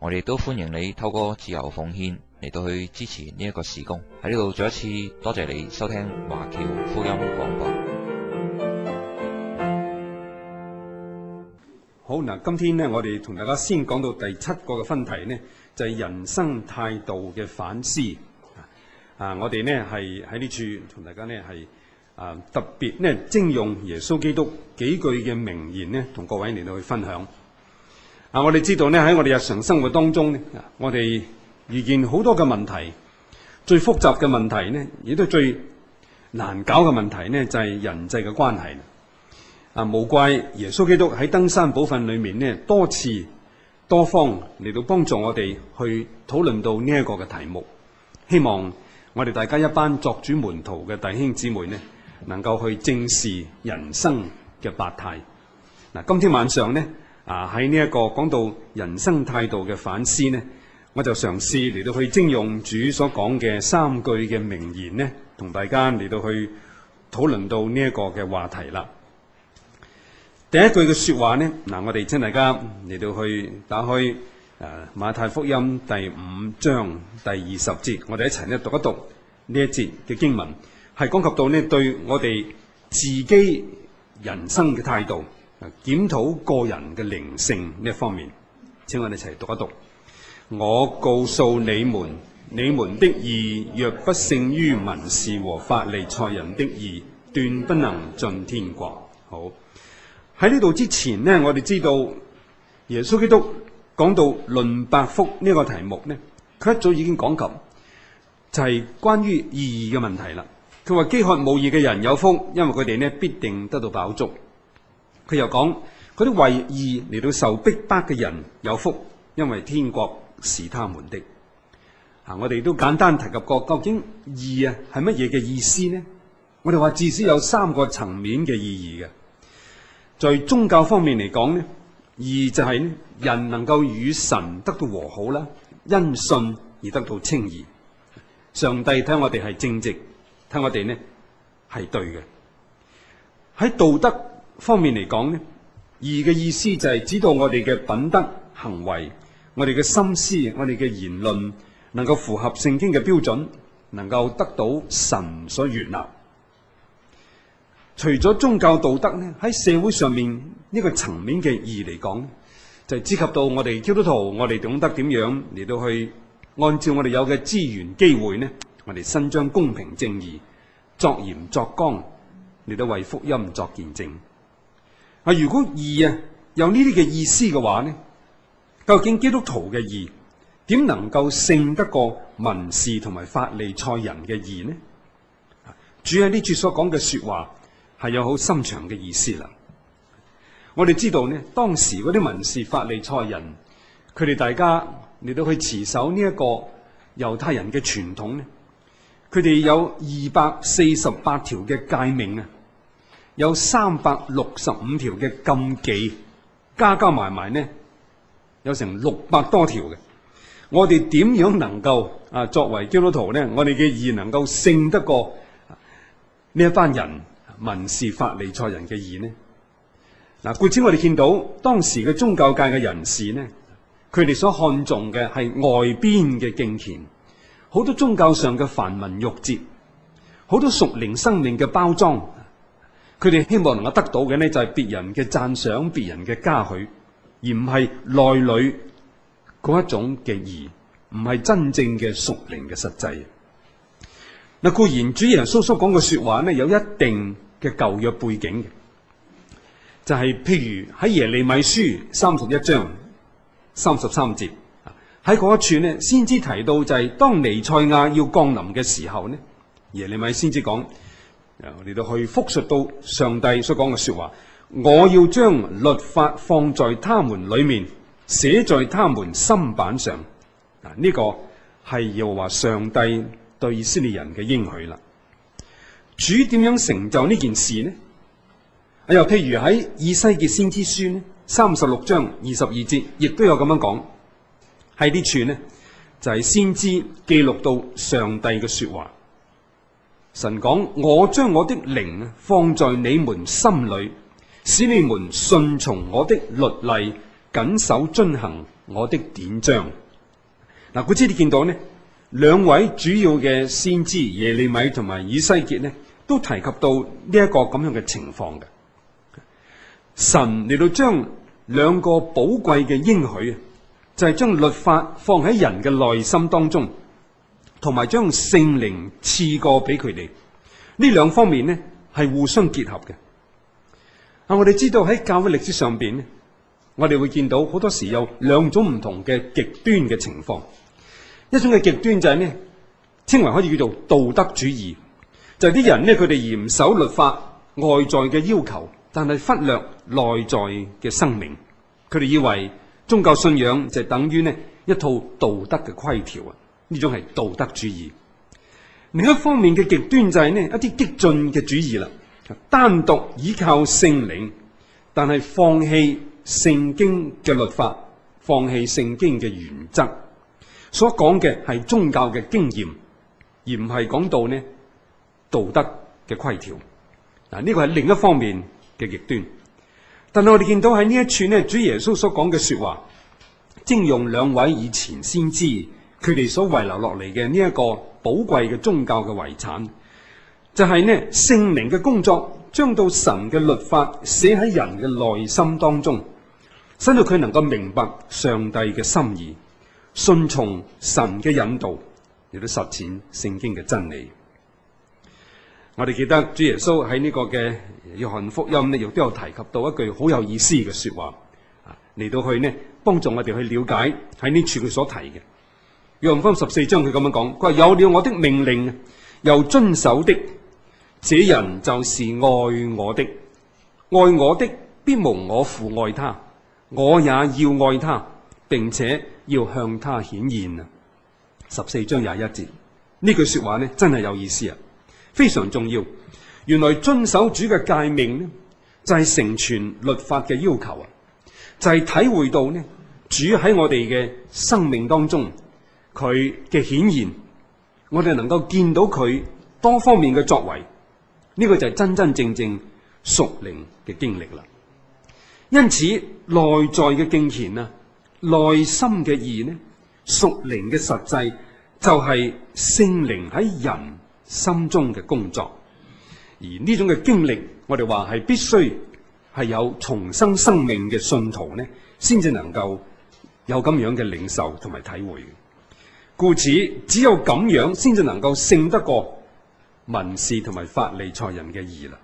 我哋都歡迎你透過自由奉獻嚟到去支持呢一個事工。喺呢度再一次多謝你收聽華僑福音廣播。好嗱，今天呢，我哋同大家先講到第七個嘅分題呢，就係人生態度嘅反思。啊，我哋呢係喺呢處同大家呢係啊特別呢徵用耶穌基督幾句嘅名言呢，同各位嚟到去分享。啊！我哋知道咧，喺我哋日常生活當中咧，我哋遇見好多嘅問題，最複雜嘅問題呢，亦都最難搞嘅問題呢，就係人際嘅關係啊！無怪耶穌基督喺登山寶訓裏面呢，多次多方嚟到幫助我哋去討論到呢一個嘅題目。希望我哋大家一班作主門徒嘅弟兄姊妹呢，能夠去正視人生嘅百態。嗱，今天晚上呢。啊！喺呢一個講到人生態度嘅反思呢，我就嘗試嚟到去徵用主所講嘅三句嘅名言呢，同大家嚟到去討論到呢一個嘅話題啦。第一句嘅説話呢，嗱、啊，我哋請大家嚟到去打開誒、啊、馬太福音第五章第二十節，我哋一齊呢讀一讀呢一節嘅經文，係講及到呢對我哋自己人生嘅態度。檢討個人嘅靈性呢一方面，請我哋一齊讀一讀。我告訴你們，你們的義若不勝於民事和法利賽人的義，斷不能進天國。好，喺呢度之前呢，我哋知道耶穌基督講到論百福呢，這個題目呢佢一早已經講及，就係、是、關於義嘅問題啦。佢話飢渴慕義嘅人有福，因為佢哋呢必定得到飽足。佢又講嗰啲為義嚟到受逼迫嘅人有福，因為天國是他們的。啊，我哋都簡單提及過，究竟義啊係乜嘢嘅意思呢？我哋話至少有三個層面嘅意義嘅，在宗教方面嚟講咧，義就係人能夠與神得到和好啦，因信而得到稱義。上帝睇我哋係正直，睇我哋呢係對嘅喺道德方面嚟講呢，義嘅意思就係指導我哋嘅品德行為，我哋嘅心思，我哋嘅言論能夠符合聖經嘅標準，能夠得到神所悅納。除咗宗教道德呢，喺社會上、這個、層面呢個層面嘅義嚟講，就係、是、涉及到我哋基督徒，我哋懂得點樣嚟到去按照我哋有嘅資源機會呢，我哋伸張公平正義，作鹽作光嚟到為福音作見證。啊！如果義啊有呢啲嘅意思嘅話呢，究竟基督徒嘅義點能夠勝得過文士同埋法利賽人嘅義呢？主喺呢處所講嘅説話係有好深長嘅意思啦。我哋知道呢，當時嗰啲文士、法利賽人，佢哋大家嚟到去持守呢一個猶太人嘅傳統呢，佢哋有二百四十八條嘅誡命啊！有三百六十五條嘅禁忌，加加埋埋呢，有成六百多條嘅。我哋點樣能夠啊，作為基督徒呢？我哋嘅義能夠勝得過呢、啊、一班人、文士法利賽人嘅義呢？嗱、啊，故此我哋見到當時嘅宗教界嘅人士呢，佢哋所看重嘅係外邊嘅敬虔，好多宗教上嘅繁文縟節，好多屬靈生命嘅包裝。佢哋希望能夠得到嘅呢就係別人嘅讚賞、別人嘅嘉許，而唔係內裏嗰一種嘅義，唔係真正嘅屬靈嘅實際。嗱，固然，主耶穌講嘅説話呢，有一定嘅舊約背景嘅，就係、是、譬如喺耶利米書三十一章三十三節，喺嗰一處呢，先至提到、就是，就係當尼賽亞要降臨嘅時候呢，耶利米先至講。我哋都去複述到上帝所講嘅說話，我要將律法放在他們裏面，寫在他們心板上。呢個係要話上帝對以色列人嘅應許啦。主點樣成就呢件事呢？啊、哎，又譬如喺以西結先知書三十六章二十二節，亦都有咁樣講，喺呢處呢，就係先知記錄到上帝嘅說話。神講：我將我的靈放在你們心裏，使你們順從我的律例，謹守遵行我的典章。嗱，估知你見到呢兩位主要嘅先知耶利米同埋以西結呢，都提及到呢一個咁樣嘅情況嘅。神嚟到將兩個寶貴嘅應許啊，就係、是、將律法放喺人嘅內心當中。同埋將聖靈賜過俾佢哋，呢兩方面呢係互相結合嘅。啊，我哋知道喺教會歷史上邊呢，我哋會見到好多時有兩種唔同嘅極端嘅情況。一種嘅極端就係呢，稱為可以叫做道德主義，就係啲人呢，佢哋嚴守律法外在嘅要求，但係忽略內在嘅生命。佢哋以為宗教信仰就係等於呢一套道德嘅規條啊。呢種係道德主義，另一方面嘅極端就係呢一啲激進嘅主義啦，單獨依靠聖靈，但係放棄聖經嘅律法，放棄聖經嘅原則，所講嘅係宗教嘅經驗，而唔係講到呢道德嘅規條。嗱呢個係另一方面嘅極端，但係我哋見到喺呢一處呢，主耶穌所講嘅說話，徵用兩位以前先知。佢哋所遺留落嚟嘅呢一個寶貴嘅宗教嘅遺產，就係呢聖靈嘅工作，將到神嘅律法寫喺人嘅內心當中，使到佢能夠明白上帝嘅心意，順從神嘅引導，亦都實踐聖經嘅真理。我哋記得主耶穌喺呢個嘅約翰福音呢，亦都有提及到一句好有意思嘅說話啊，嚟到去呢幫助我哋去了解喺呢處佢所提嘅。約翰十四章佢咁樣講，佢話，有了我的命令又遵守的，這人就是愛我的。愛我的必蒙我父愛他，我也要愛他，並且要向他顯現啊！十四章廿一節呢句說話真係有意思啊，非常重要。原來遵守主嘅誡命就係成全律法嘅要求啊，就係、是、體會到主喺我哋嘅生命當中。佢嘅顯現，我哋能夠見到佢多方面嘅作為，呢個就係真真正正屬靈嘅經歷啦。因此，內在嘅敬虔啊，內心嘅義呢，屬靈嘅實際就係聖靈喺人心中嘅工作。而呢種嘅經歷，我哋話係必須係有重生生命嘅信徒呢，先至能夠有咁樣嘅領受同埋體會。故此，只有咁樣先至能夠勝得過文士同埋法利賽人嘅義啦。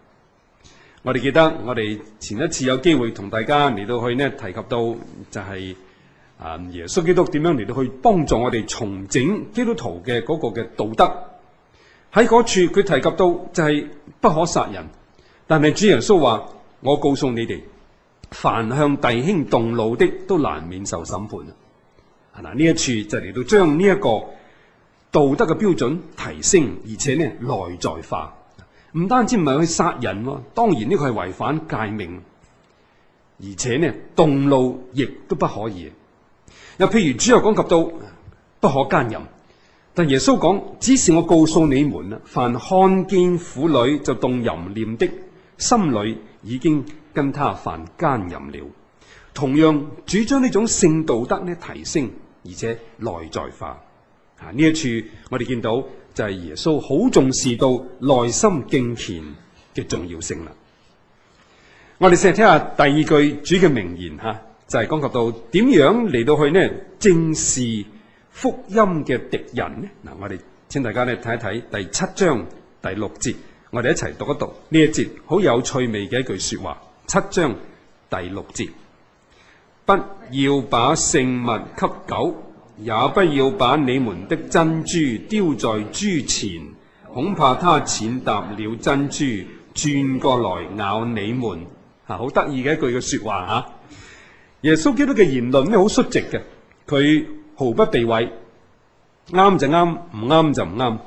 我哋記得我哋前一次有機會同大家嚟到去呢，提及到就係啊耶穌基督點樣嚟到去幫助我哋重整基督徒嘅嗰個嘅道德。喺嗰處佢提及到就係不可殺人，但係主耶穌話：我告訴你哋，凡向弟兄動怒的，都難免受審判。嗱，呢一處就嚟到將呢一個道德嘅標準提升，而且呢內在化，唔單止唔係去殺人喎。當然呢個係違反誡命，而且呢，動怒亦都不可以。又譬如主又講及到不可奸淫，但耶穌講只是我告訴你們啦，凡看見婦女就動淫念的心裏已經跟他犯奸淫了。同樣，主將呢種性道德呢提升。而且內在化，啊呢一處我哋見到就係耶穌好重視到內心敬虔嘅重要性啦。我哋試下聽下第二句主嘅名言吓，就係講及到點樣嚟到去呢？正視福音嘅敵人呢？嗱，我哋請大家呢睇一睇第七章第六節，我哋一齊讀一讀呢一節好有趣味嘅一句說話。七章第六節。不要把聖物給狗，也不要把你們的珍珠丟在豬前，恐怕他踐踏了珍珠，轉過來咬你們。吓、啊，好得意嘅一句嘅說話吓、啊。耶穌基督嘅言論呢好率直嘅，佢毫不避諱，啱就啱，唔啱就唔啱。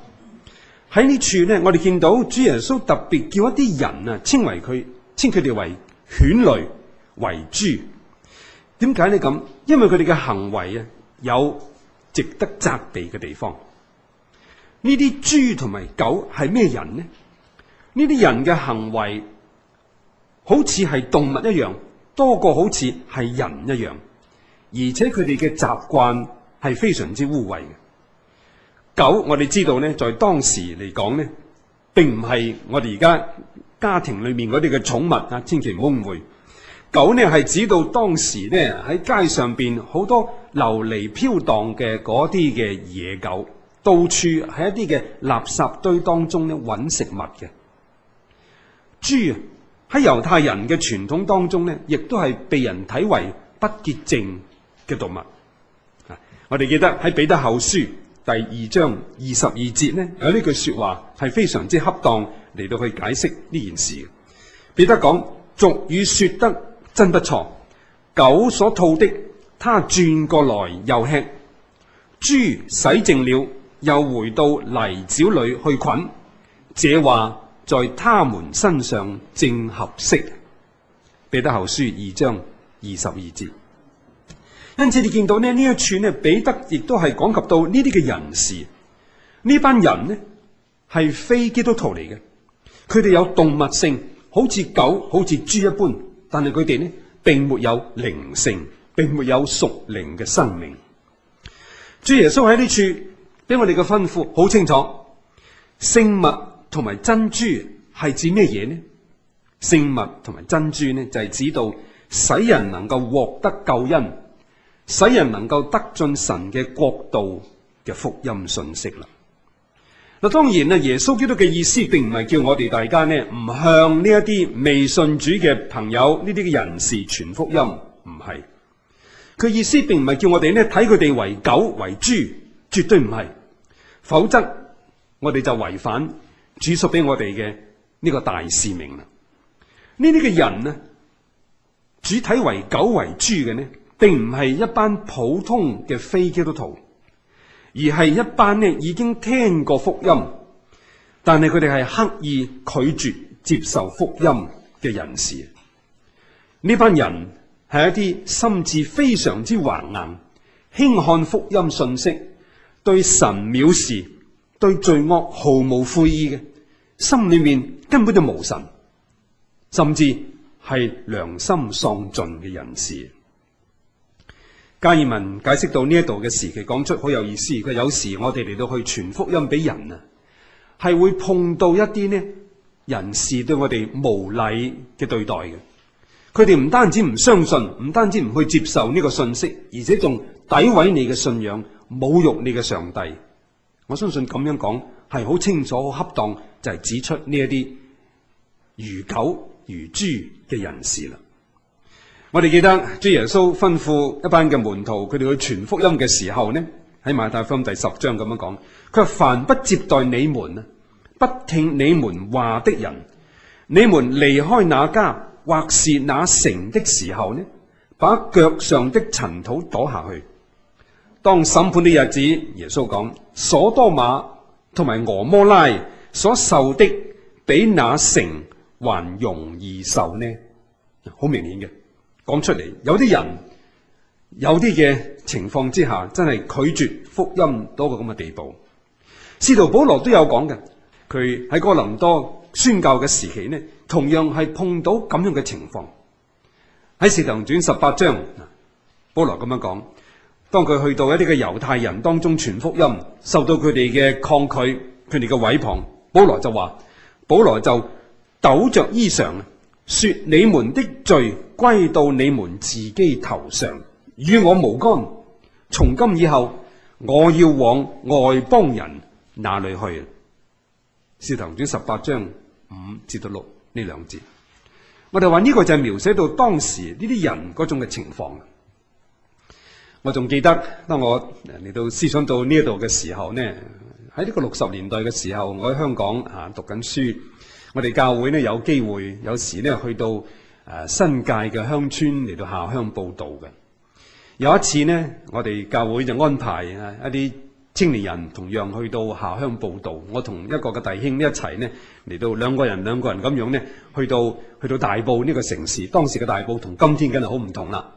喺呢處咧，我哋見到主耶穌特別叫一啲人啊，稱為佢，稱佢哋為犬類、為豬。點解呢？咁因為佢哋嘅行為啊，有值得責備嘅地方。呢啲豬同埋狗係咩人呢？呢啲人嘅行為好似係動物一樣，多過好似係人一樣。而且佢哋嘅習慣係非常之污穢嘅。狗我哋知道呢，在當時嚟講呢，並唔係我哋而家家庭裏面嗰啲嘅寵物啊，千祈唔好誤會。狗呢係指到當時呢喺街上邊好多流離飄蕩嘅嗰啲嘅野狗，到處喺一啲嘅垃圾堆當中呢揾食物嘅。豬喺猶太人嘅傳統當中呢，亦都係被人睇為不潔淨嘅動物。我哋記得喺彼得後書第二章二十二節呢，有呢句説話係非常之恰當嚟到去解釋呢件事。彼得講俗語説得，真不錯，狗所吐的，他轉過來又吃；豬洗淨了，又回到泥沼裏去滾。這話在他們身上正合適。彼得後書二章二十二節。因此你見到呢，呢一串呢，彼得亦都係講及到呢啲嘅人士，呢班人呢，係非基督徒嚟嘅，佢哋有動物性，好似狗、好似豬一般。但係佢哋呢，並沒有靈性，並沒有屬靈嘅生命。主耶穌喺呢處俾我哋嘅吩咐好清楚，聖物同埋珍珠係指咩嘢呢？聖物同埋珍珠呢，就係指到使人能夠獲得救恩，使人能夠得進神嘅國度嘅福音信息啦。嗱，當然咧，耶穌基督嘅意思並唔係叫我哋大家咧唔向呢一啲未信主嘅朋友呢啲嘅人士傳福音，唔係。佢意思並唔係叫我哋咧睇佢哋為狗為豬，絕對唔係。否則我哋就違反主所俾我哋嘅呢個大使命啦。呢啲嘅人呢，主睇為狗為豬嘅呢，並唔係一班普通嘅非基督徒。而係一班咧已經聽過福音，但係佢哋係刻意拒絕接受福音嘅人士。呢班人係一啲心智非常之頑硬、輕看福音信息、對神藐視、對罪惡毫無悔意嘅，心裏面根本就無神，甚至係良心喪盡嘅人士。加爾文解釋到呢一度嘅時期，講出好有意思。佢有時我哋嚟到去傳福音俾人啊，係會碰到一啲人士對我哋無禮嘅對待嘅。佢哋唔單止唔相信，唔單止唔去接受呢個信息，而且仲詆毀你嘅信仰，侮辱你嘅上帝。我相信咁樣講係好清楚、好恰當，就係指出呢一啲如狗如豬嘅人士啦。我哋記得，主耶穌吩咐一班嘅門徒，佢哋去傳福音嘅時候呢，喺馬太福音第十章咁樣講。佢話：凡不接待你們啊，不聽你們話的人，你們離開那家或是那城的時候呢，把腳上的塵土跺下去。當審判的日子，耶穌講：所多瑪同埋俄摩拉所受的，比那城還容易受呢。好明顯嘅。講出嚟，有啲人，有啲嘅情況之下，真係拒絕福音多過咁嘅地步。使徒保羅都有講嘅，佢喺哥林多宣教嘅時期呢，同樣係碰到咁樣嘅情況。喺使徒行傳十八章，保羅咁樣講，當佢去到一啲嘅猶太人當中傳福音，受到佢哋嘅抗拒，佢哋嘅毀謗，保羅就話，保羅就抖着衣裳。說你們的罪歸到你們自己頭上，與我無干。從今以後，我要往外邦人那裏去。使徒行傳十八章五至到六呢兩節，我哋話呢個就係描寫到當時呢啲人嗰種嘅情況。我仲記得當我嚟到思想到呢一度嘅時候呢，喺呢個六十年代嘅時候，我喺香港啊讀緊書。我哋教會呢，有機會，有時呢去到誒新界嘅鄉村嚟到下鄉報道嘅。有一次呢，我哋教會就安排啊一啲青年人，同樣去到下鄉報道。我同一個嘅弟兄一齊呢，嚟到兩個人兩個人咁樣呢，去到去到大埔呢個城市。當時嘅大埔同今天梗係好唔同啦。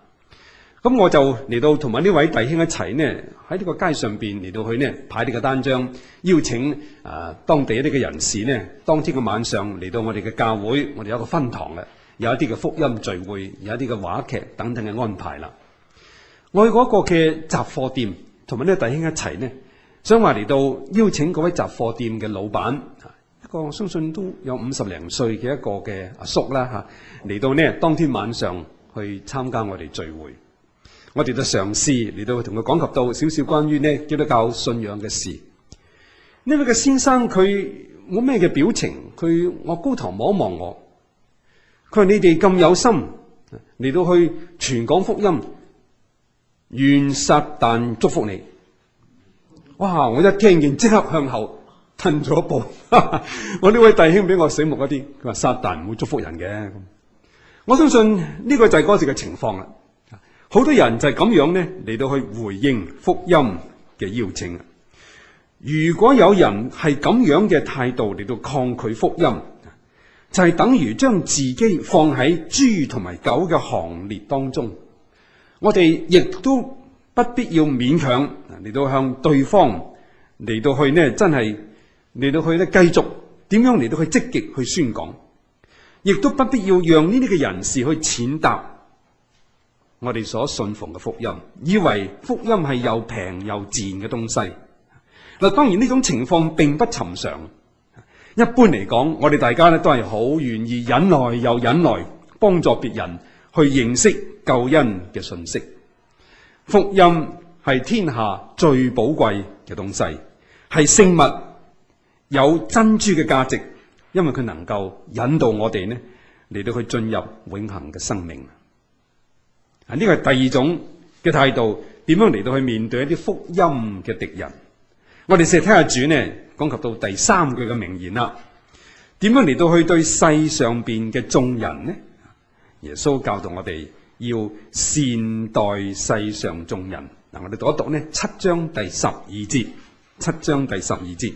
咁我就嚟到同埋呢位弟兄一齊呢，喺呢個街上邊嚟到去呢，派呢個單張，邀請啊、呃、當地一啲嘅人士呢。當天嘅晚上嚟到我哋嘅教會，我哋有一個分堂嘅，有一啲嘅福音聚會，有一啲嘅話劇等等嘅安排啦。我去嗰個嘅雜貨店，同埋呢弟兄一齊呢，想話嚟到邀請嗰位雜貨店嘅老闆，一個我相信都有五十零歲嘅一個嘅阿叔啦吓，嚟到呢，當天晚上去參加我哋聚會。我哋都嘗試嚟到同佢講及到少少關於基督教信仰嘅事。呢位嘅先生佢冇咩嘅表情，佢我高頭望一望我，佢話你哋咁有心嚟到去全港福音，願撒旦祝福你。哇！我一聽見即刻向後褪咗一步。 我呢位弟兄俾我醒目一啲，佢話撒旦唔會祝福人嘅。我相信呢個就係嗰時嘅情況啦。好多人就係咁樣呢，嚟到去回應福音嘅邀請。如果有人係咁樣嘅態度嚟到抗拒福音，就係等於將自己放喺豬同埋狗嘅行列當中。我哋亦都不必要勉強嚟到向對方嚟到去呢真係嚟到去呢繼續點樣嚟到去積極去宣講，亦都不必要讓呢啲嘅人士去踐踏。我哋所信奉嘅福音，以為福音係又平又賤嘅東西。嗱，當然呢種情況並不尋常。一般嚟講，我哋大家咧都係好願意忍耐又忍耐，幫助別人去認識救恩嘅信息。福音係天下最寶貴嘅東西，係聖物，有珍珠嘅價值，因為佢能夠引導我哋咧嚟到去進入永恆嘅生命。呢個係第二種嘅態度，點樣嚟到去面對一啲福音嘅敵人？我哋試下聽下主呢，講及到第三句嘅名言啦。點樣嚟到去對世上邊嘅眾人呢？耶穌教導我哋要善待世上眾人。嗱，我哋讀一讀呢七章第十二節，七章第十二節。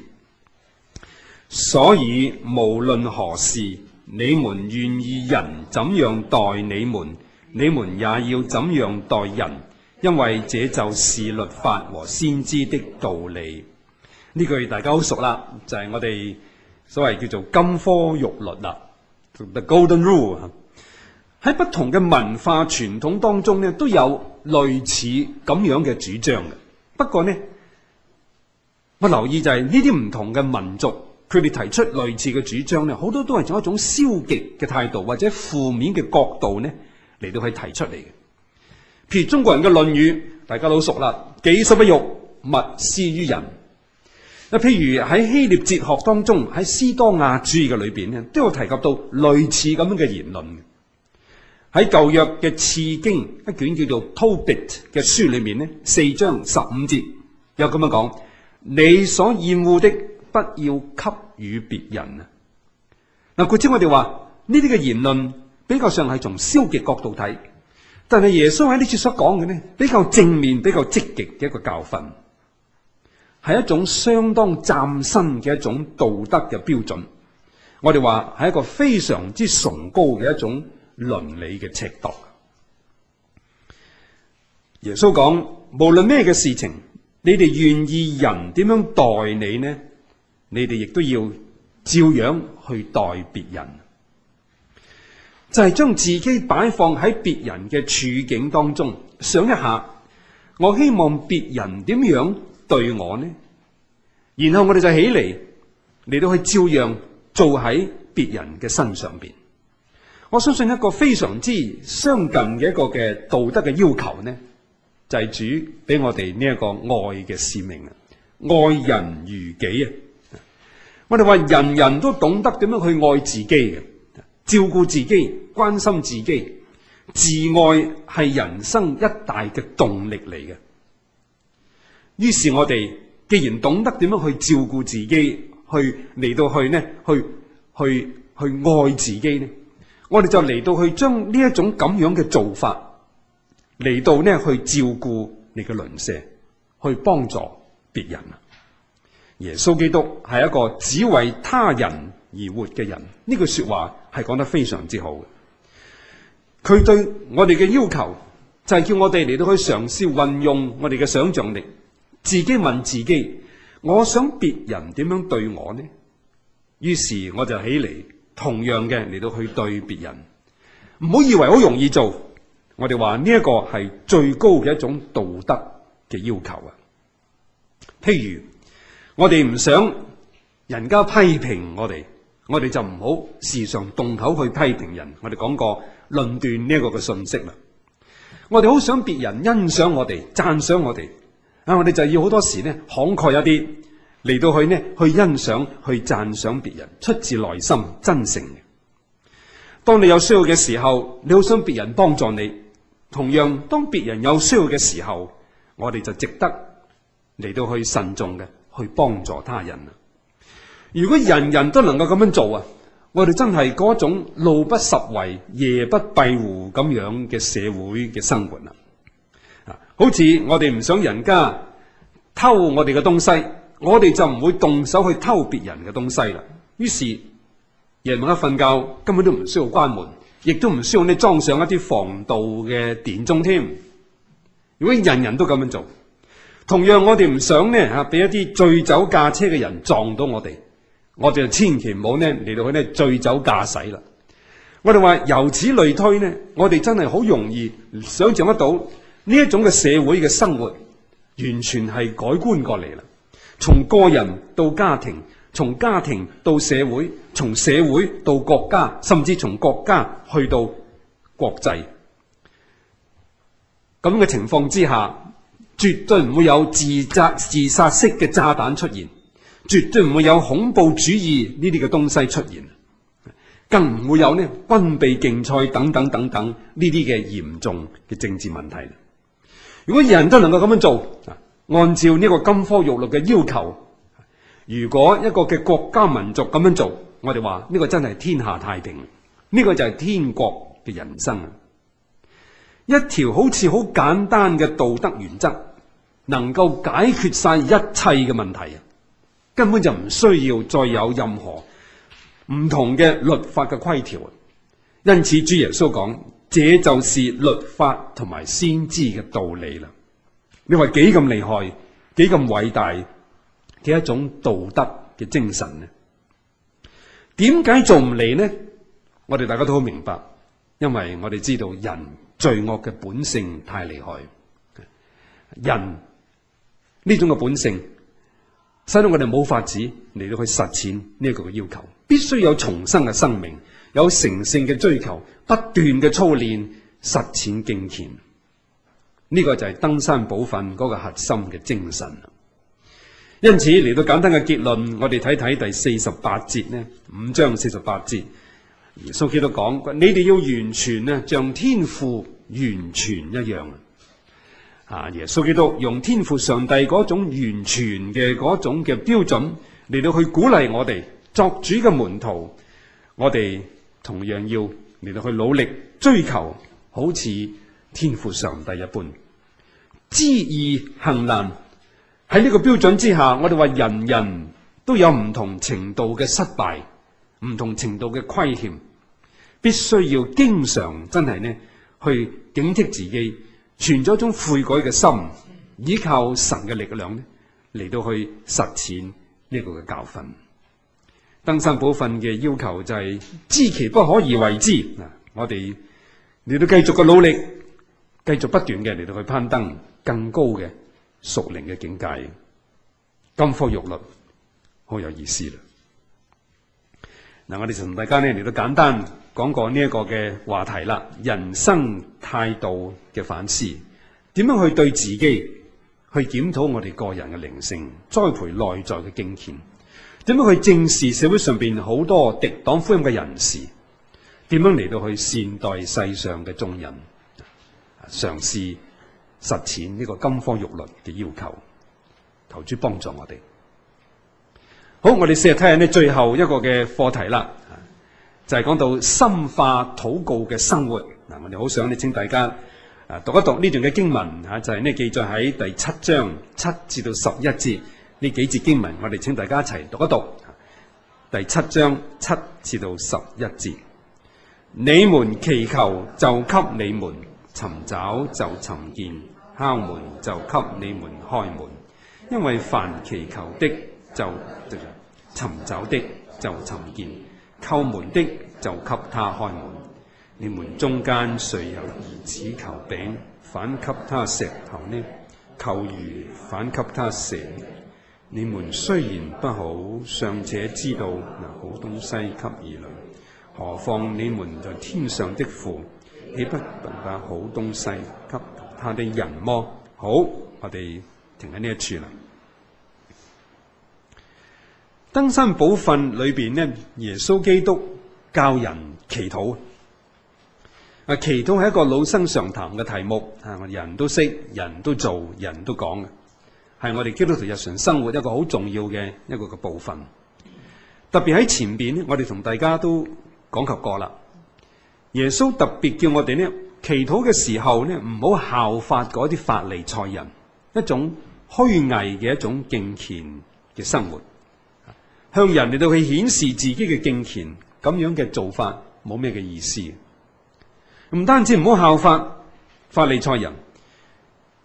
所以無論何事，你們願意人怎樣待你們。你們也要怎樣待人，因為這就是律法和先知的道理。呢句大家好熟啦，就係我哋所謂叫做金科玉律啦，the golden rule。喺不同嘅文化傳統當中呢，都有類似咁樣嘅主張嘅。不過呢，我留意就係呢啲唔同嘅民族，佢哋提出類似嘅主張呢，好多都係從一種消極嘅態度或者負面嘅角度呢。嚟到去提出嚟嘅，譬如中國人嘅《論語》，大家都熟啦。己所不欲，勿施於人。嗱，譬如喺希臘哲學當中，喺斯多亞主義嘅裏邊咧，都有提及到類似咁樣嘅言論。喺舊約嘅次經一卷叫做《Tobit》嘅書裏面咧，四章十五節又咁樣講：你所厭惡的，不要給予別人啊。嗱，佢即我哋話呢啲嘅言論。比較上係從消極角度睇，但係耶穌喺呢次所講嘅呢，比較正面、比較積極嘅一個教訓，係一種相當嶄新嘅一種道德嘅標準。我哋話係一個非常之崇高嘅一種倫理嘅尺度。耶穌講，無論咩嘅事情，你哋願意人點樣待你呢？你哋亦都要照樣去待別人。就係將自己擺放喺別人嘅處境當中，想一下，我希望別人點樣對我呢？然後我哋就起嚟，嚟到去照樣做喺別人嘅身上邊。我相信一個非常之相近嘅一個嘅道德嘅要求呢，就係主俾我哋呢一個愛嘅使命啊！愛人如己啊！我哋話人人都懂得點樣去愛自己嘅。照顧自己、關心自己、自愛係人生一大嘅動力嚟嘅。於是我哋既然懂得點樣去照顧自己，去嚟到去呢，去去去愛自己呢？我哋就嚟到去將呢一種咁樣嘅做法嚟到呢，去照顧你嘅鄰舍，去幫助別人啊！耶穌基督係一個只為他人而活嘅人，呢句說話。係講得非常之好嘅，佢對我哋嘅要求就係叫我哋嚟到去嘗試運用我哋嘅想象力，自己問自己：我想別人點樣對我呢？於是我就起嚟，同樣嘅嚟到去對別人，唔好以為好容易做。我哋話呢一個係最高嘅一種道德嘅要求啊。譬如我哋唔想人家批評我哋。我哋就唔好時常動口去批評人。我哋講過論斷呢個嘅信息啦。我哋好想別人欣賞我哋、讚賞我哋啊！我哋就要好多時呢慷慨一啲，嚟到去呢去欣賞、去讚賞別人，出自內心真誠嘅。當你有需要嘅時候，你好想別人幫助你。同樣，當別人有需要嘅時候，我哋就值得嚟到去慎重嘅去幫助他人。如果人人都能夠咁樣做啊，我哋真係嗰種路不拾遺、夜不閉戶咁樣嘅社會嘅生活啦。啊，好似我哋唔想人家偷我哋嘅東西，我哋就唔會動手去偷別人嘅東西啦。於是夜晚一瞓覺根本都唔需要關門，亦都唔需要你裝上一啲防盜嘅電鐘添。如果人人都咁樣做，同樣我哋唔想呢，嚇俾一啲醉酒駕車嘅人撞到我哋。我哋就千祈唔好呢嚟到去呢醉酒駕駛啦！我哋話由此類推呢，我哋真係好容易想象得到呢一種嘅社會嘅生活，完全係改觀過嚟啦。從個人到家庭，從家庭到社會，從社會到國家，甚至從國家去到國際，咁嘅情況之下，絕對唔會有自責自殺式嘅炸彈出現。絕對唔會有恐怖主義呢啲嘅東西出現，更唔會有呢軍備競賽等等等等呢啲嘅嚴重嘅政治問題。如果人人都能夠咁樣做，按照呢個金科玉律嘅要求，如果一個嘅國家民族咁樣做，我哋話呢個真係天下太平，呢個就係天國嘅人生。一條好似好簡單嘅道德原則，能夠解決晒一切嘅問題。根本就唔需要再有任何唔同嘅律法嘅規條，因此主耶穌講，這就是律法同埋先知嘅道理啦。你話幾咁厲害，幾咁偉大嘅一種道德嘅精神呢？點解做唔嚟呢？我哋大家都好明白，因為我哋知道人罪惡嘅本性太厲害，人呢種嘅本性。使到我哋冇法子嚟到去實踐呢一個嘅要求，必須有重生嘅生命，有誠信嘅追求，不斷嘅操練，實踐敬虔。呢、這個就係登山寶訓嗰個核心嘅精神。因此嚟到簡單嘅結論，我哋睇睇第四十八節咧，五章四十八節，耶穌基督講：你哋要完全咧，像天父完全一樣。啊！耶穌基督用天父上帝嗰種完全嘅嗰種嘅標準嚟到去鼓勵我哋作主嘅門徒，我哋同樣要嚟到去努力追求，好似天父上帝一般，知易行難。喺呢個標準之下，我哋話人人都有唔同程度嘅失敗，唔同程度嘅虧欠，必須要經常真係呢去警惕自己。存咗一種悔改嘅心，依靠神嘅力量咧，嚟到去實踐呢個嘅教訓。登山寶訓嘅要求就係、是、知其不可而為之嗱，我哋嚟到繼續嘅努力，繼續不斷嘅嚟到去攀登更高嘅屬靈嘅境界。金科玉律好有意思啦！嗱，我哋就同大家呢嚟到簡單講過呢一個嘅話題啦，人生態度嘅反思，點樣去對自己去檢討我哋個人嘅靈性，栽培內在嘅敬虔，點樣去正視社會上邊好多敵黨腐朽嘅人士，點樣嚟到去善待世上嘅眾人，嘗試實踐呢個金科玉律嘅要求，求主幫助我哋。好，我哋試下睇下呢最後一個嘅課題啦。就係、是、講到深化禱告嘅生活嗱，我哋好想呢，請大家啊讀一讀呢段嘅經文吓，就係呢記載喺第七章七至到十一節呢幾節經文，我哋請大家一齊讀一讀。第七章七至到十一節，你們祈求就給你們，尋找就尋見，敲門就給你們開門，因為凡祈求的就，就尋找的就尋見。叩門的就給他開門，你們中間誰有兒子求餅，反給他石頭呢？求魚反給他蛇？你們雖然不好，尚且知道拿好東西給兒女，何況你們在天上的父，豈不把好東西給他的人麼？好，我哋停喺呢一處啦。登山寶訓裏邊呢，耶穌基督教人祈禱啊！祈禱係一個老生常談嘅題目啊！我哋人都識，人都做，人都講嘅，係我哋基督徒日常生活一個好重要嘅一個嘅部分。特別喺前邊呢，我哋同大家都講及過啦。耶穌特別叫我哋呢，祈禱嘅時候呢，唔好效法嗰啲法利賽人，一種虛偽嘅一種敬虔嘅生活。向人哋到去顯示自己嘅敬虔，咁樣嘅做法冇咩嘅意思。唔單止唔好效法法利賽人，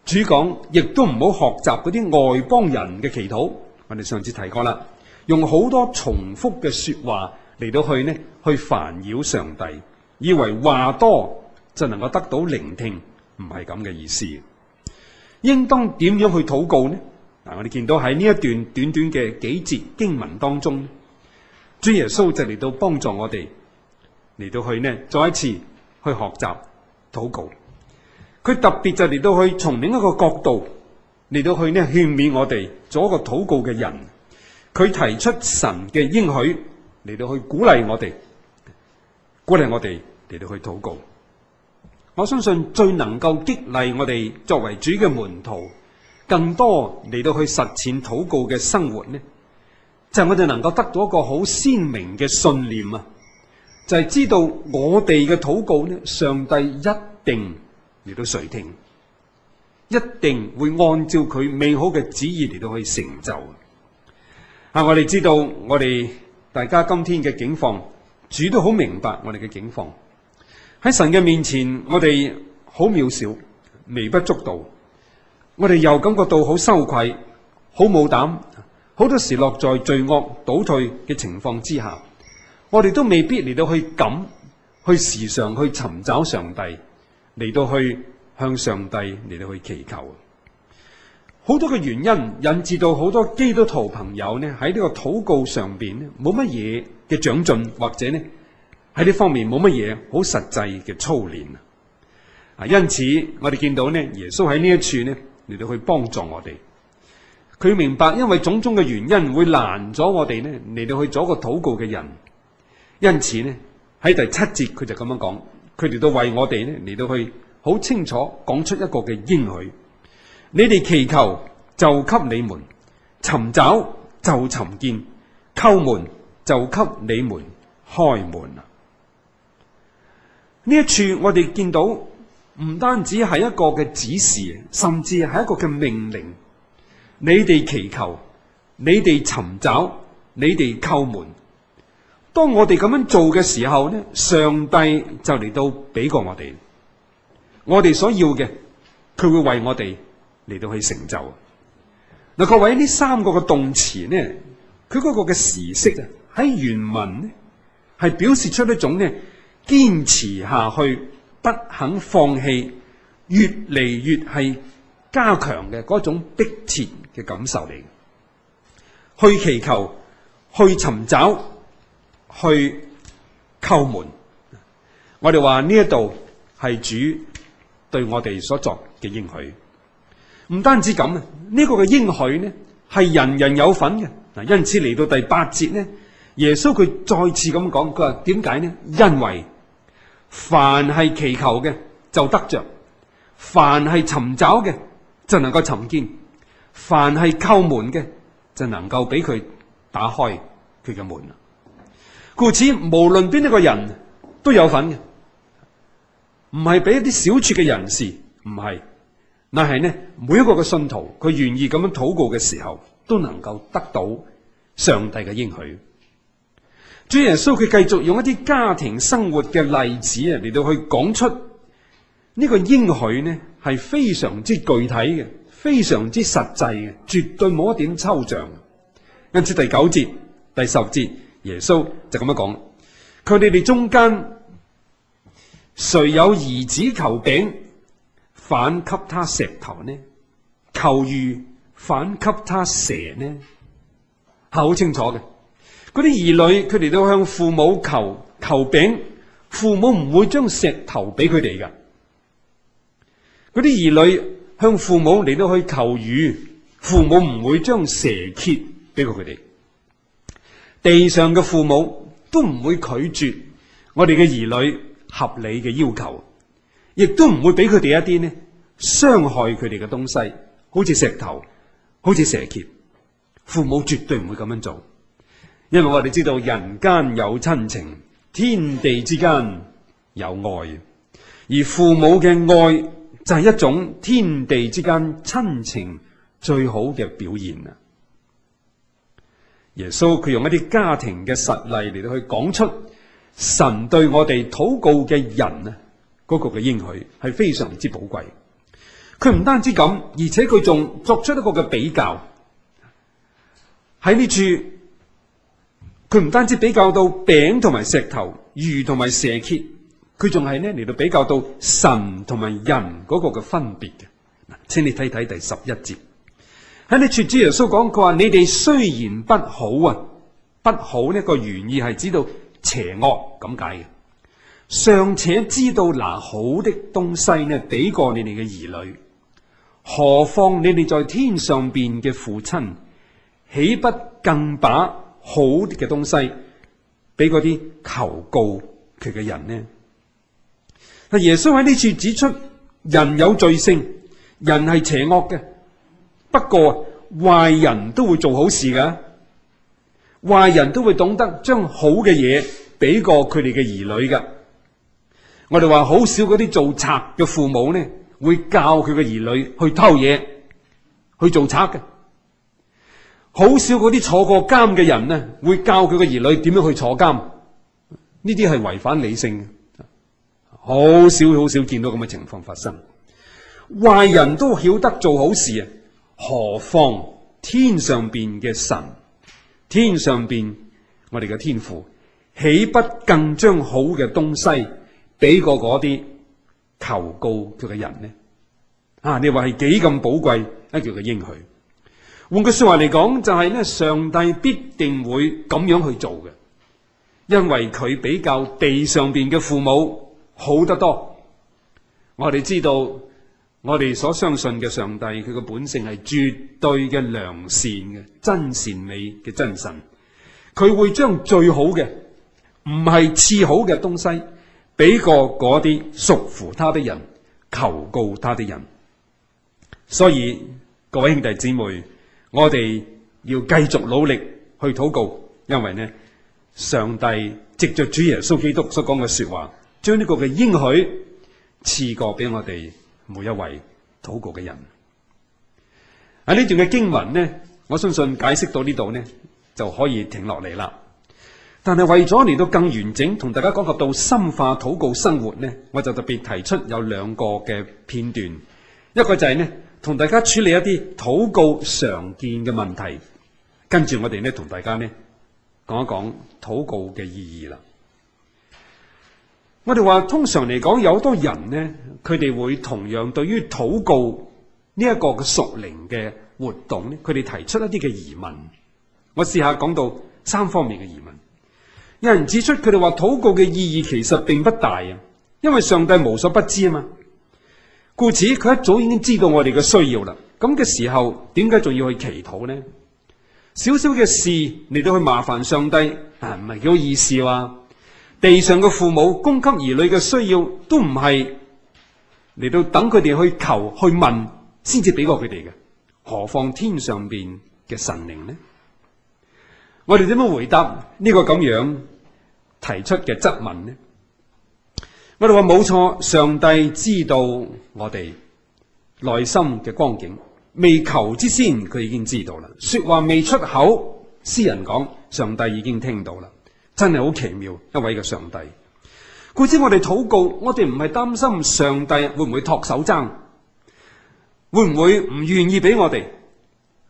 主講亦都唔好學習嗰啲外邦人嘅祈禱。我哋上次提過啦，用好多重複嘅說話嚟到去呢，去煩擾上帝，以為話多就能夠得到聆聽，唔係咁嘅意思。應當點樣去禱告呢？嗱，我哋見到喺呢一段短短嘅幾節經文當中，主耶穌就嚟到幫助我哋嚟到去呢，再一次去學習禱告。佢特別就嚟到去從另一個角度嚟到去呢，勸勉我哋做一個禱告嘅人。佢提出神嘅應許嚟到去鼓勵我哋，鼓勵我哋嚟到去禱告。我相信最能夠激勵我哋作為主嘅門徒。更多嚟到去實踐禱告嘅生活呢，就我哋能夠得到一個好鮮明嘅信念啊！就係知道我哋嘅禱告呢，上帝一定嚟到垂聽，一定會按照佢美好嘅旨意嚟到去成就。啊！我哋知道我哋大家今天嘅境況，主都好明白我哋嘅境況。喺神嘅面前，我哋好渺小，微不足道。我哋又感覺到好羞愧，好冇膽，好多時落在罪惡倒退嘅情況之下，我哋都未必嚟到去咁去時常去尋找上帝嚟到去向上帝嚟到去祈求啊。好多嘅原因引致到好多基督徒朋友呢喺呢個禱告上邊冇乜嘢嘅長進，或者呢喺呢方面冇乜嘢好實際嘅操練啊。因此我哋見到呢耶穌喺呢一處呢嚟到去幫助我哋，佢明白因為種種嘅原因會攔阻我哋呢嚟到去做個禱告嘅人，因此呢，喺第七節佢就咁樣講，佢哋都為我哋呢嚟到去好清楚講出一個嘅應許，你哋祈求就給你們，尋找就尋見，叩門就給你們開門啊！呢一處我哋見到。唔單止係一個嘅指示，甚至係一個嘅命令。你哋祈求，你哋尋找，你哋叩門。當我哋咁樣做嘅時候咧，上帝就嚟到俾過我哋。我哋所要嘅，佢會為我哋嚟到去成就。嗱，各位呢三個嘅動詞呢，佢嗰個嘅時式啊，喺原文呢係表示出一種呢堅持下去，不肯放棄，越嚟越係加強嘅嗰種迫切嘅感受嚟，去祈求，去尋找，去叩門。我哋話呢一度係主對我哋所作嘅應許，唔單止咁啊！呢個嘅應許呢，係人人有份嘅。嗱，因此嚟到第八節呢，耶穌佢再次咁講，佢話點解呢？因為凡係祈求嘅就得着，凡係尋找嘅就能夠尋見，凡係叩門嘅就能夠俾佢打開佢嘅門啦。故此，無論邊一個人都有份嘅，唔係俾一啲小撮嘅人士，唔係，但係呢每一個嘅信徒，佢願意咁樣禱告嘅時候，都能夠得到上帝嘅應許。主耶穌佢繼續用一啲家庭生活嘅例子啊嚟到去講出呢個應許呢係非常之具體嘅，非常之實際嘅，絕對冇一點抽象。跟住第九節、第十節，耶穌就咁樣講：佢哋哋中間，誰有兒子求餅，反給他石頭呢？求魚，反給他蛇呢？係好清楚嘅。嗰啲兒女，佢哋都向父母求求餅，父母唔會將石頭俾佢哋噶。嗰啲兒女向父母嚟到去求魚，父母唔會將蛇蠍俾佢哋。地上嘅父母都唔會拒絕我哋嘅兒女合理嘅要求，亦都唔會俾佢哋一啲呢傷害佢哋嘅東西，好似石頭，好似蛇蠍，父母絕對唔會咁樣做。因為我哋知道人間有親情，天地之間有愛，而父母嘅愛就係一種天地之間親情最好嘅表現啦。耶穌佢用一啲家庭嘅實例嚟到去講出神對我哋禱告嘅人呢嗰個嘅應許係非常之寶貴。佢唔單止咁，而且佢仲作出一個嘅比較喺呢處。佢唔單止比較到餅同埋石頭，魚同埋蛇蠍，佢仲係呢嚟到比較到神同埋人嗰個嘅分別嘅。請你睇睇第十一節，喺啲主耶穌講，佢話你哋雖然不好啊，不好呢個原意係指到邪惡咁解嘅，尚且知道拿好的東西呢俾過你哋嘅兒女，何況你哋在天上邊嘅父親，豈不更把好啲嘅東西俾嗰啲求告佢嘅人呢。阿耶穌喺呢處指出，人有罪性，人係邪惡嘅。不過壞人都會做好事噶壞人都會懂得將好嘅嘢俾過佢哋嘅兒女噶我哋話好少嗰啲做賊嘅父母呢，會教佢嘅兒女去偷嘢，去做賊嘅。好少嗰啲坐過監嘅人呢，會教佢嘅兒女點樣去坐監？呢啲係違反理性嘅，好少好少見到咁嘅情況發生。壞人都曉得做好事啊，何況天上邊嘅神？天上邊我哋嘅天父，豈不更將好嘅東西俾過嗰啲求告佢嘅人呢？啊，你話係幾咁寶貴，一叫佢應許。換句說話嚟講，就係咧，上帝必定會咁樣去做嘅，因為佢比較地上邊嘅父母好得多。我哋知道，我哋所相信嘅上帝，佢嘅本性係絕對嘅良善嘅真善美嘅真神，佢會將最好嘅，唔係次好嘅東西，俾過嗰啲屬乎他的人，求告他的人。所以各位兄弟姊妹，我哋要繼續努力去禱告，因為呢，上帝藉着主耶穌基督所講嘅說話，將呢個嘅應許賜過俾我哋每一位禱告嘅人。喺呢段嘅經文呢，我相信解釋到呢度呢就可以停落嚟啦。但係為咗嚟到更完整，同大家講及到深化禱告生活呢，我就特別提出有兩個嘅片段，一個就係呢。同大家處理一啲禱告常見嘅問題，跟住我哋咧同大家呢講一講禱告嘅意義啦。我哋話通常嚟講，有好多人呢，佢哋會同樣對於禱告呢一個嘅屬靈嘅活動咧，佢哋提出一啲嘅疑問。我試下講到三方面嘅疑問。有人指出，佢哋話禱告嘅意義其實並不大啊，因為上帝無所不知啊嘛。故此，佢一早已經知道我哋嘅需要啦。咁嘅時候，點解仲要去祈禱呢？小小嘅事嚟到去麻煩上帝，啊，唔係幾好意思話。地上嘅父母供給兒女嘅需要，都唔係嚟到等佢哋去求去問先至俾過佢哋嘅，何況天上邊嘅神靈呢？我哋點樣回答呢個咁樣提出嘅質問呢？我哋話冇錯，上帝知道我哋內心嘅光景，未求之先佢已經知道啦。說話未出口，詩人講，上帝已經聽到啦。真係好奇妙，一位嘅上帝。故知我哋禱告，我哋唔係擔心上帝會唔會托手踭，會唔會唔願意俾我哋，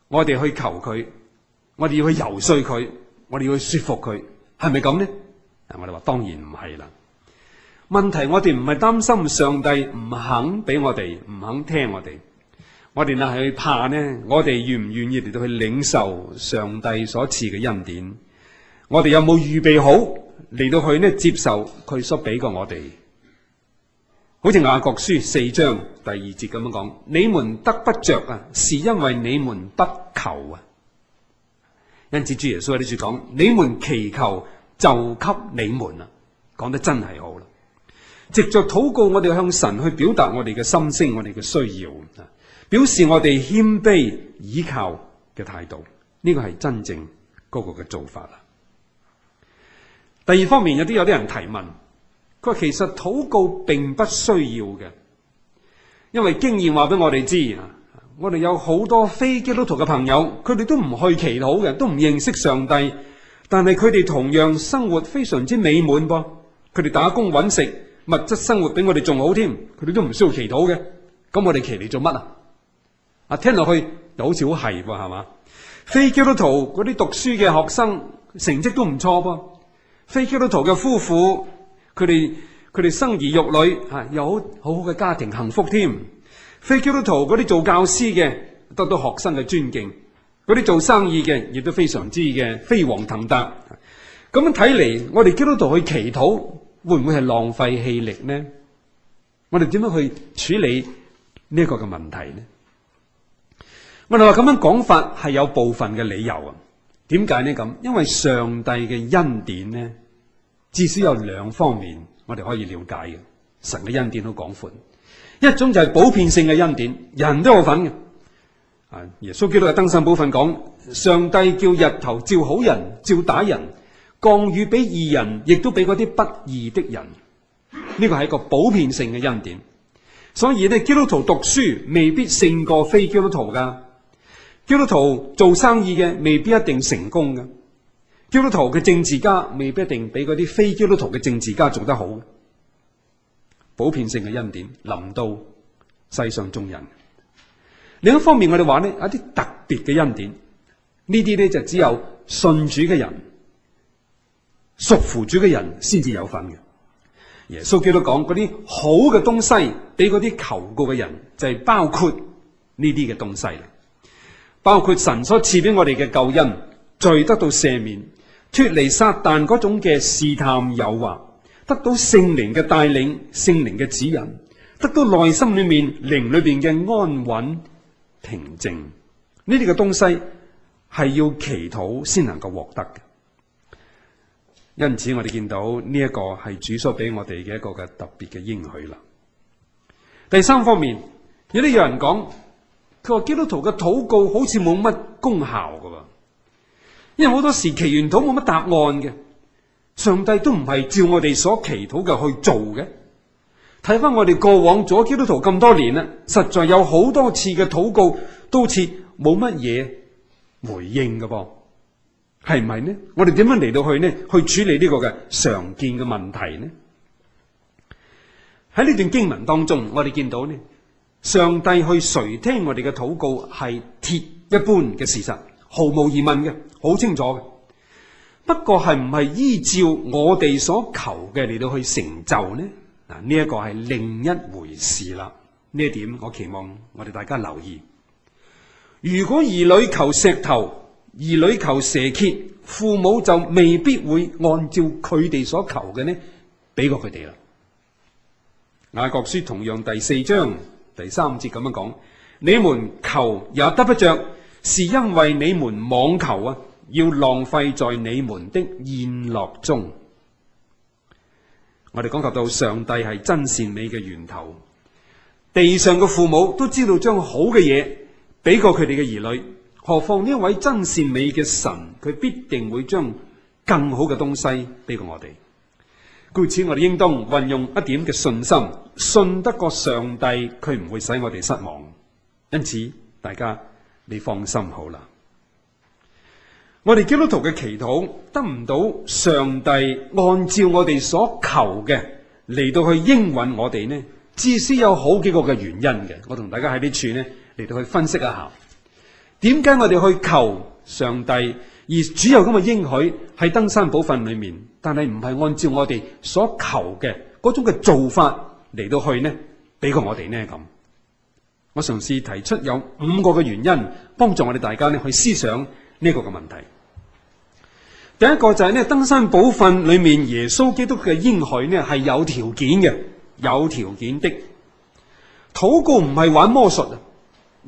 我哋去求佢，我哋要去遊說佢，我哋要去說服佢，係咪咁呢？我哋話當然唔係啦。問題，我哋唔係擔心上帝唔肯俾我哋，唔肯聽我哋。我哋那係去怕呢？我哋願唔願意嚟到去領受上帝所賜嘅恩典？我哋有冇預備好嚟到去呢？接受佢所俾過我哋，好似雅各書四章第二節咁樣講：你們得不着啊，是因為你們不求啊。因此，主耶穌喺呢處講：你們祈求就給你們啦、啊。講得真係好。藉著禱告，我哋向神去表達我哋嘅心聲，我哋嘅需要啊，表示我哋謙卑倚靠嘅態度。呢個係真正嗰個嘅做法啦。第二方面，有啲有啲人提問，佢話其實禱告並不需要嘅，因為經驗話俾我哋知啊，我哋有好多非基督徒嘅朋友，佢哋都唔去祈禱嘅，都唔認識上帝，但係佢哋同樣生活非常之美滿噃，佢哋打工搵食。物質生活比我哋仲好添，佢哋都唔需要祈禱嘅，咁我哋祈嚟做乜啊？啊，聽落去又好似好係喎，係嘛？非基督徒嗰啲讀書嘅學生成績都唔錯噃，非基督徒嘅夫婦，佢哋佢哋生兒育女，有好好嘅家庭幸福添。非基督徒嗰啲做教師嘅得到學生嘅尊敬，嗰啲做生意嘅亦都非常之嘅飛黃騰達。咁樣睇嚟，我哋基督徒去祈禱會唔會係浪費氣力呢？我哋點樣去處理呢一個嘅問題呢？我哋話咁樣講法係有部分嘅理由啊？點解呢咁？因為上帝嘅恩典呢，至少有兩方面我哋可以了解嘅。神嘅恩典好廣闊，一種就係普遍性嘅恩典，人都有份嘅。啊，耶穌基督嘅登山寶訓講，上帝叫日頭照好人照打人。降雨俾義人，亦都俾嗰啲不義的人。呢個係一個普遍性嘅恩典。所以咧，基督徒讀書未必勝過非基督徒噶。基督徒做生意嘅未必一定成功㗎。基督徒嘅政治家未必一定比嗰啲非基督徒嘅政治家做得好。普遍性嘅恩典臨到世上眾人。另一方面，我，我哋話呢，一啲特別嘅恩典，呢啲咧就只有信主嘅人。屬乎主嘅人先至有份嘅。耶穌基督講嗰啲好嘅東西俾嗰啲求告嘅人，就係包括呢啲嘅東西，包括神所賜俾我哋嘅救恩，罪得到赦免，脫離撒旦嗰種嘅試探誘惑，得到聖靈嘅帶領、聖靈嘅指引，得到內心裏面靈裏邊嘅安穩平靜。呢啲嘅東西係要祈禱先能夠獲得嘅。因此我們，這個、我哋見到呢一個係主所俾我哋嘅一個嘅特別嘅應許啦。第三方面，有啲有人講，佢話基督徒嘅禱告好似冇乜功效嘅喎，因為好多時祈禱冇乜答案嘅，上帝都唔係照我哋所祈禱嘅去做嘅。睇翻我哋過往做基督徒咁多年啦，實在有好多次嘅禱告都似冇乜嘢回應嘅噃。係咪呢？我哋點樣嚟到去呢？去處理呢個嘅常見嘅問題呢？喺呢段經文當中，我哋見到呢，上帝去垂聽我哋嘅禱告係鐵一般嘅事實，毫無疑問嘅，好清楚嘅。不過係唔係依照我哋所求嘅嚟到去成就呢？嗱，呢一個係另一回事啦。呢一點我期望我哋大家留意。如果兒女求石頭，兒女求蛇蠍，父母就未必會按照佢哋所求嘅呢，俾過佢哋啦。雅各書同樣第四章第三節咁樣講：你們求也得不着，是因為你們妄求啊，要浪費在你們的宴樂中。我哋講到到上帝係真善美嘅源頭，地上嘅父母都知道將好嘅嘢俾過佢哋嘅兒女。何況呢位真善美嘅神，佢必定會將更好嘅東西俾過我哋，故此我哋應當運用一點嘅信心，信得過上帝，佢唔會使我哋失望。因此大家你放心好啦，我哋基督徒嘅祈禱得唔到上帝按照我哋所求嘅嚟到去應允我哋呢？至少有好幾個嘅原因嘅，我同大家喺呢處呢嚟到去分析一下。點解我哋去求上帝，而主有咁嘅應許喺登山寶訓裏面，但係唔係按照我哋所求嘅嗰種嘅做法嚟到去呢？俾過我哋呢？咁我嘗試提出有五個嘅原因，幫助我哋大家呢去思想呢個嘅問題。第一個就係呢登山寶訓裏面耶穌基督嘅應許呢係有條件嘅，有條件的禱告唔係玩魔術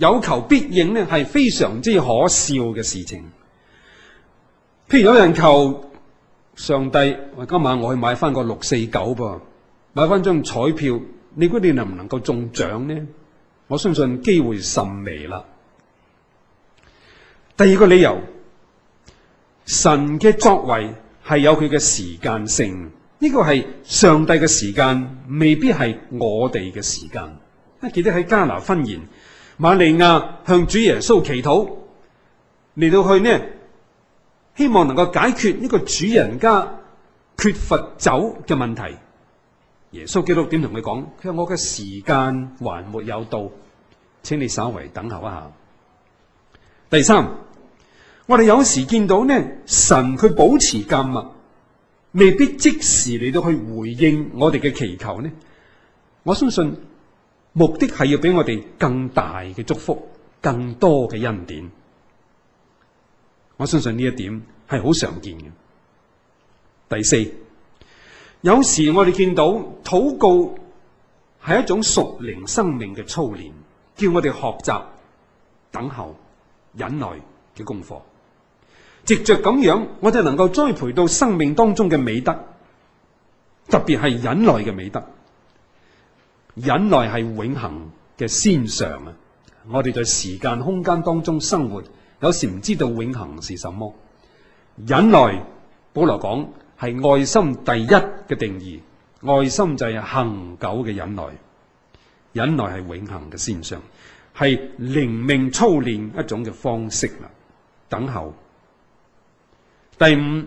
有求必應咧，係非常之可笑嘅事情。譬如有人求上帝，我今晚我去買翻個六四九噃，買翻張彩票，你估你能唔能夠中獎呢？我相信機會甚微啦。第二個理由，神嘅作為係有佢嘅時間性，呢個係上帝嘅時間，未必係我哋嘅時間。記得喺加拿大婚宴。瑪利亞向主耶穌祈禱嚟到去呢，希望能夠解決呢個主人家缺乏酒嘅問題。耶穌基督點同佢講？佢話我嘅時間還沒有到，請你稍微等候一下。第三，我哋有時見到呢，神佢保持沉默，未必即時嚟到去回應我哋嘅祈求呢。我相信。目的係要俾我哋更大嘅祝福、更多嘅恩典。我相信呢一點係好常見嘅。第四，有時我哋見到禱告係一種屬靈生命嘅操練，叫我哋學習等候、忍耐嘅功課。藉着咁樣，我哋能夠栽培到生命當中嘅美德，特別係忍耐嘅美德。忍耐係永恆嘅先上。啊！我哋在時間空間當中生活，有時唔知道永恆是什麼。忍耐，保羅講係愛心第一嘅定義，愛心就係恆久嘅忍耐。忍耐係永恆嘅先上，係靈命操練一種嘅方式啦。等候。第五，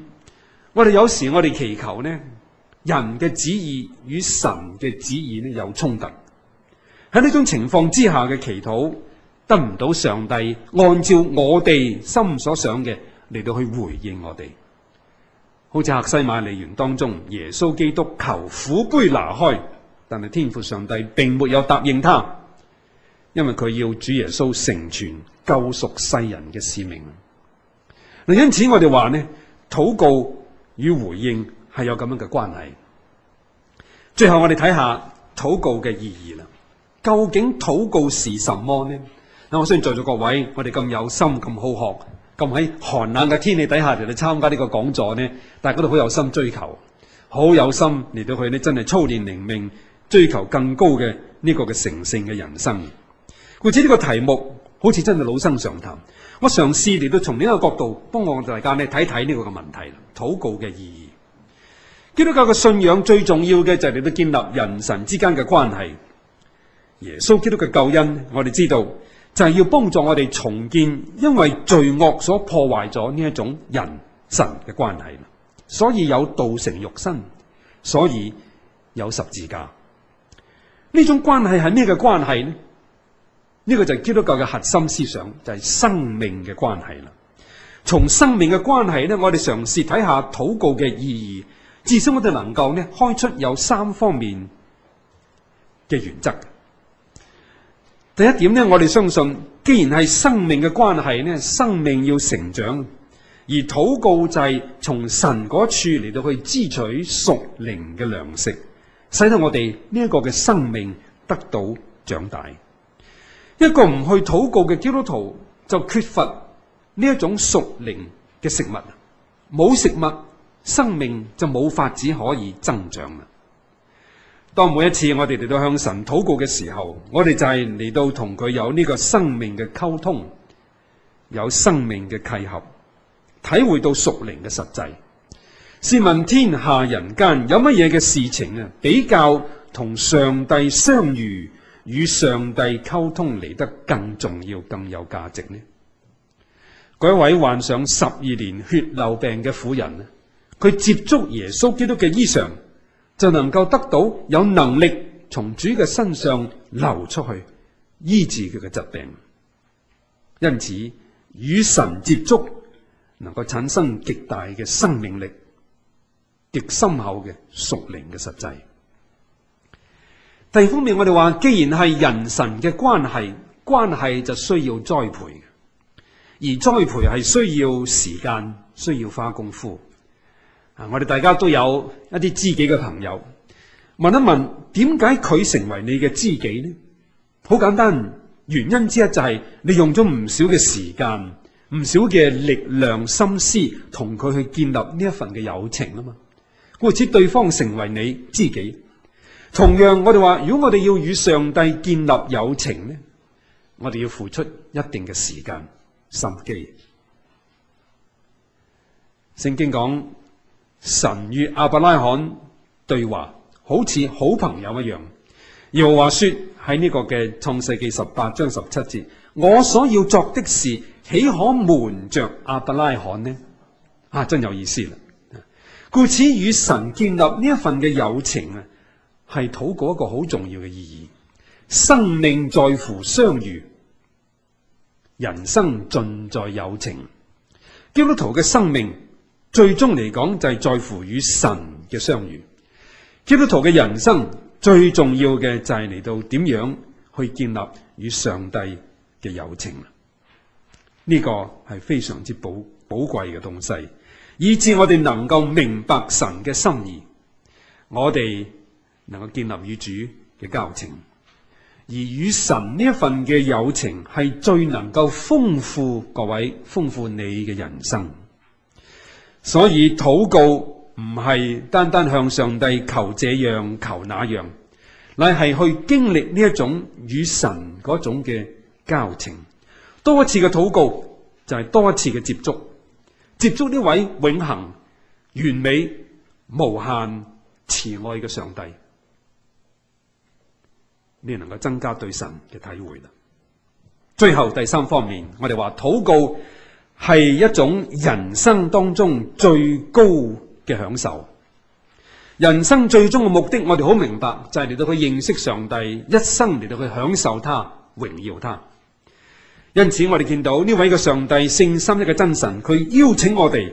我哋有時我哋祈求呢？人嘅旨意與神嘅旨意呢，有衝突，喺呢種情況之下嘅祈禱得唔到上帝按照我哋心所想嘅嚟到去回應我哋，好似客西馬尼園當中耶穌基督求苦杯拿開，但係天父上帝並沒有答應他，因為佢要主耶穌成全救贖世人嘅使命。嗱，因此我哋話呢，禱告與回應。係有咁樣嘅關係。最後我哋睇下禱告嘅意義啦。究竟禱告是什麼呢？嗱，我相信在座各位，我哋咁有心、咁好學、咁喺寒冷嘅天氣底下嚟到參加呢個講座呢，大家都好有心追求，好有心嚟到去呢，真係操練靈命，追求更高嘅呢個嘅成聖嘅人生。故此呢個題目好似真係老生常談，我嘗試嚟到從呢個角度幫助大家呢，睇睇呢個嘅問題啦，禱告嘅意義。基督教嘅信仰最重要嘅就係你哋建立人神之間嘅關係。耶穌基督嘅救恩，我哋知道就係要幫助我哋重建，因為罪惡所破壞咗呢一種人神嘅關係。所以有道成肉身，所以有十字架。呢種關係係咩嘅關係呢？呢個就係基督教嘅核心思想，就係生命嘅關係啦。從生命嘅關係呢，我哋嘗試睇下禱告嘅意義。至少我哋能夠呢開出有三方面嘅原則。第一點呢，我哋相信，既然係生命嘅關係呢，生命要成長，而禱告就係從神嗰處嚟到去支取屬靈嘅糧食，使得我哋呢一個嘅生命得到長大。一個唔去禱告嘅基督徒就缺乏呢一種屬靈嘅食物，冇食物。生命就冇法子可以增長啦。當每一次我哋嚟到向神禱告嘅時候，我哋就係嚟到同佢有呢個生命嘅溝通，有生命嘅契合，體會到屬靈嘅實際。試問天下人間有乜嘢嘅事情啊，比較同上帝相遇、與上帝溝通嚟得更重要、更有價值呢？嗰一位患上十二年血漏病嘅婦人呢，佢接觸耶穌基督嘅衣裳，就能夠得到有能力從主嘅身上流出去醫治佢嘅疾病。因此，與神接觸能夠產生極大嘅生命力，極深厚嘅屬靈嘅實際。第二方面，我哋話，既然係人神嘅關係，關係就需要栽培，而栽培係需要時間，需要花功夫。啊！我哋大家都有一啲知己嘅朋友，問一問點解佢成為你嘅知己呢？好簡單，原因之一就係你用咗唔少嘅時間、唔少嘅力量、心思同佢去建立呢一份嘅友情啊嘛。故此，對方成為你知己。同樣，我哋話，如果我哋要與上帝建立友情呢，我哋要付出一定嘅時間、心機。聖經講。神與亞伯拉罕對話，好似好朋友一樣。又話說喺呢個嘅創世記十八章十七節，我所要作的事，豈可瞞着亞伯拉罕呢？啊，真有意思啦！故此與神建立呢一份嘅友情啊，係禱告一個好重要嘅意義。生命在乎相遇，人生盡在友情。基督徒嘅生命。最終嚟講就係在乎與神嘅相遇。基督徒嘅人生最重要嘅就係嚟到點樣去建立與上帝嘅友情。呢個係非常之寶寶貴嘅東西，以至我哋能夠明白神嘅心意，我哋能夠建立與主嘅交情，而與神呢一份嘅友情係最能夠豐富各位、豐富你嘅人生。所以禱告唔係單單向上帝求這樣求那樣，乃係去經歷呢一種與神嗰種嘅交情。多一次嘅禱告就係多一次嘅接觸，接觸呢位永恆、完美、無限慈愛嘅上帝，你能夠增加對神嘅體會啦。最後第三方面，我哋話禱告係一種人生當中最高嘅享受。人生最終嘅目的，我哋好明白，就係嚟到去認識上帝，一生嚟到去享受他，榮耀他。因此，我哋見到呢位嘅上帝聖心一嘅真神，佢邀請我哋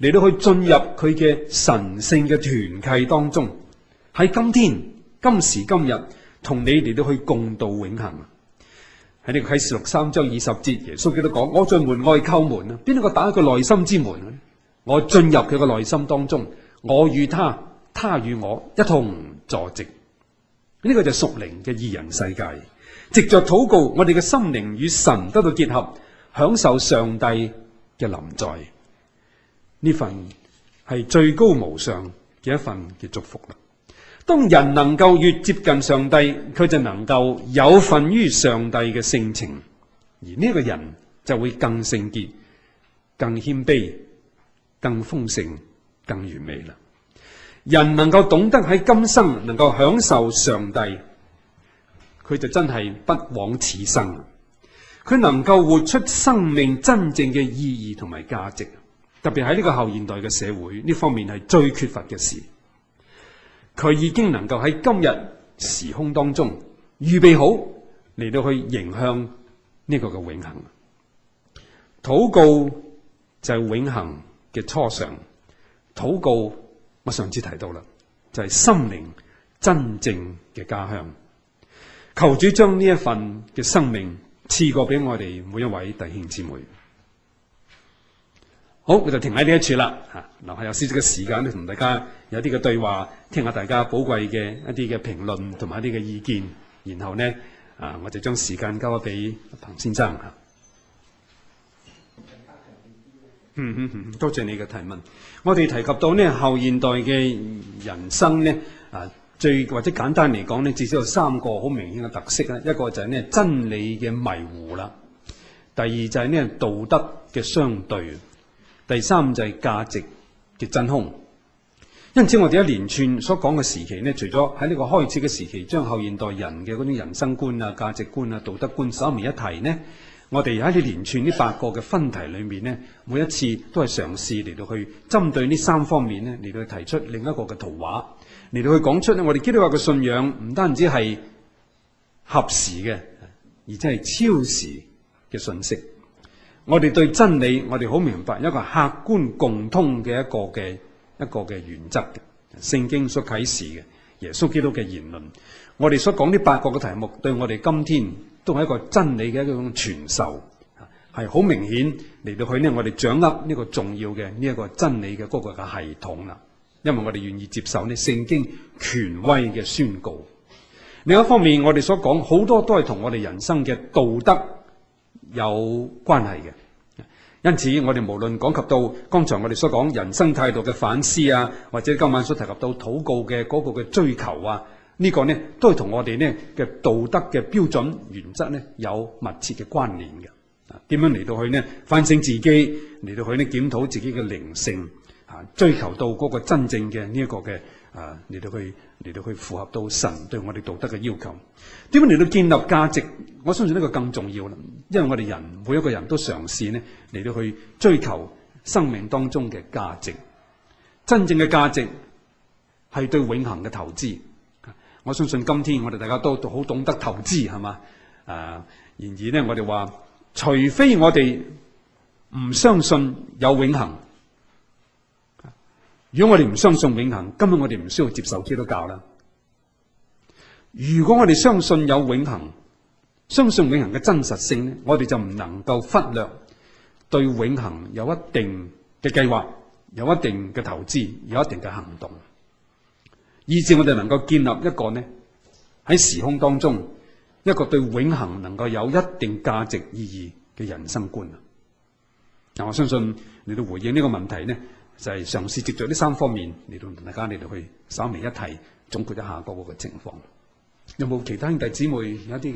嚟到去進入佢嘅神聖嘅團契當中，喺今天今時今日，同你哋嚟到去共度永恒。喺呢個啟示錄三章二十節，耶穌基督講：我進門外叩門啊，邊一個打開佢內心之門？我進入佢個內心當中，我與他，他與我一同坐席。呢、這個就係屬靈嘅二人世界，藉着禱告，我哋嘅心靈與神得到結合，享受上帝嘅臨在，呢份係最高無上嘅一份嘅祝福。當人能夠越接近上帝，佢就能夠有份於上帝嘅性情，而呢個人就會更聖潔、更謙卑、更豐盛、更完美啦。人能夠懂得喺今生能夠享受上帝，佢就真係不枉此生。佢能夠活出生命真正嘅意義同埋價值，特別喺呢個後現代嘅社會，呢方面係最缺乏嘅事。佢已經能夠喺今日時空當中預備好，嚟到去迎向呢個嘅永恒。禱告就係永恒嘅初嘗。禱告我上次提到啦，就係心靈真正嘅家鄉。求主將呢一份嘅生命賜過俾我哋每一位弟兄姊妹。好，我就停喺呢一處啦。嚇，留下有少少嘅時間咧，同大家有啲嘅對話，聽下大家寶貴嘅一啲嘅評論同埋一啲嘅意見。然後呢，啊，我就將時間交啊俾彭先生嚇。嗯嗯嗯，多謝你嘅提問。我哋提及到呢後現代嘅人生呢，啊，最或者簡單嚟講呢，至少有三個好明顯嘅特色咧。一個就係咧真理嘅迷糊啦，第二就係咧道德嘅相對。第三就係價值嘅真空，因此我哋一連串所講嘅時期咧，除咗喺呢個開始嘅時期，將後現代人嘅嗰種人生觀啊、價值觀啊、道德觀稍微一提呢，我哋喺呢連串呢八個嘅分題裏面呢，每一次都係嘗試嚟到去針對呢三方面咧，嚟到去提出另一個嘅圖畫，嚟到去講出咧我哋基督教嘅信仰，唔單止係合時嘅，而且係超時嘅信息。我哋對真理，我哋好明白一個客觀共通嘅一個嘅一個嘅原則嘅，聖經所啟示嘅，耶穌基督嘅言論，我哋所講呢八個嘅題目，對我哋今天都係一個真理嘅一種傳授，係好明顯嚟到佢呢，我哋掌握呢個重要嘅呢一個真理嘅嗰個嘅系統啦。因為我哋願意接受呢聖經權威嘅宣告。另一方面，我哋所講好多都係同我哋人生嘅道德。有關係嘅，因此我哋無論講及到剛才我哋所講人生態度嘅反思啊，或者今晚所提及到禱告嘅嗰個嘅追求啊，呢個呢都係同我哋呢嘅道德嘅標準原則呢有密切嘅關聯嘅。啊，點樣嚟到去呢？反省自己嚟到去呢檢討自己嘅靈性啊，追求到嗰個真正嘅呢一個嘅啊嚟到去。嚟到去符合到神對我哋道德嘅要求，點樣嚟到建立價值？我相信呢個更重要啦，因為我哋人每一個人都嘗試咧嚟到去追求生命當中嘅價值。真正嘅價值係對永恒嘅投資，我相信今天我哋大家都好懂得投資，係嘛？誒、啊，然而咧，我哋話，除非我哋唔相信有永恒。如果我哋唔相信永恆，根本我哋唔需要接受基督教啦。如果我哋相信有永恆，相信永恆嘅真實性咧，我哋就唔能夠忽略對永恆有一定嘅計劃、有一定嘅投資、有一定嘅行動，以致我哋能夠建立一個呢喺時空當中一個對永恆能夠有一定價值意義嘅人生觀啊！嗱，我相信你哋回應呢個問題呢。就係嘗試接觸呢三方面嚟到，大家你哋去稍微一提總結一下各個嘅情況，有冇其他兄弟姊妹有啲？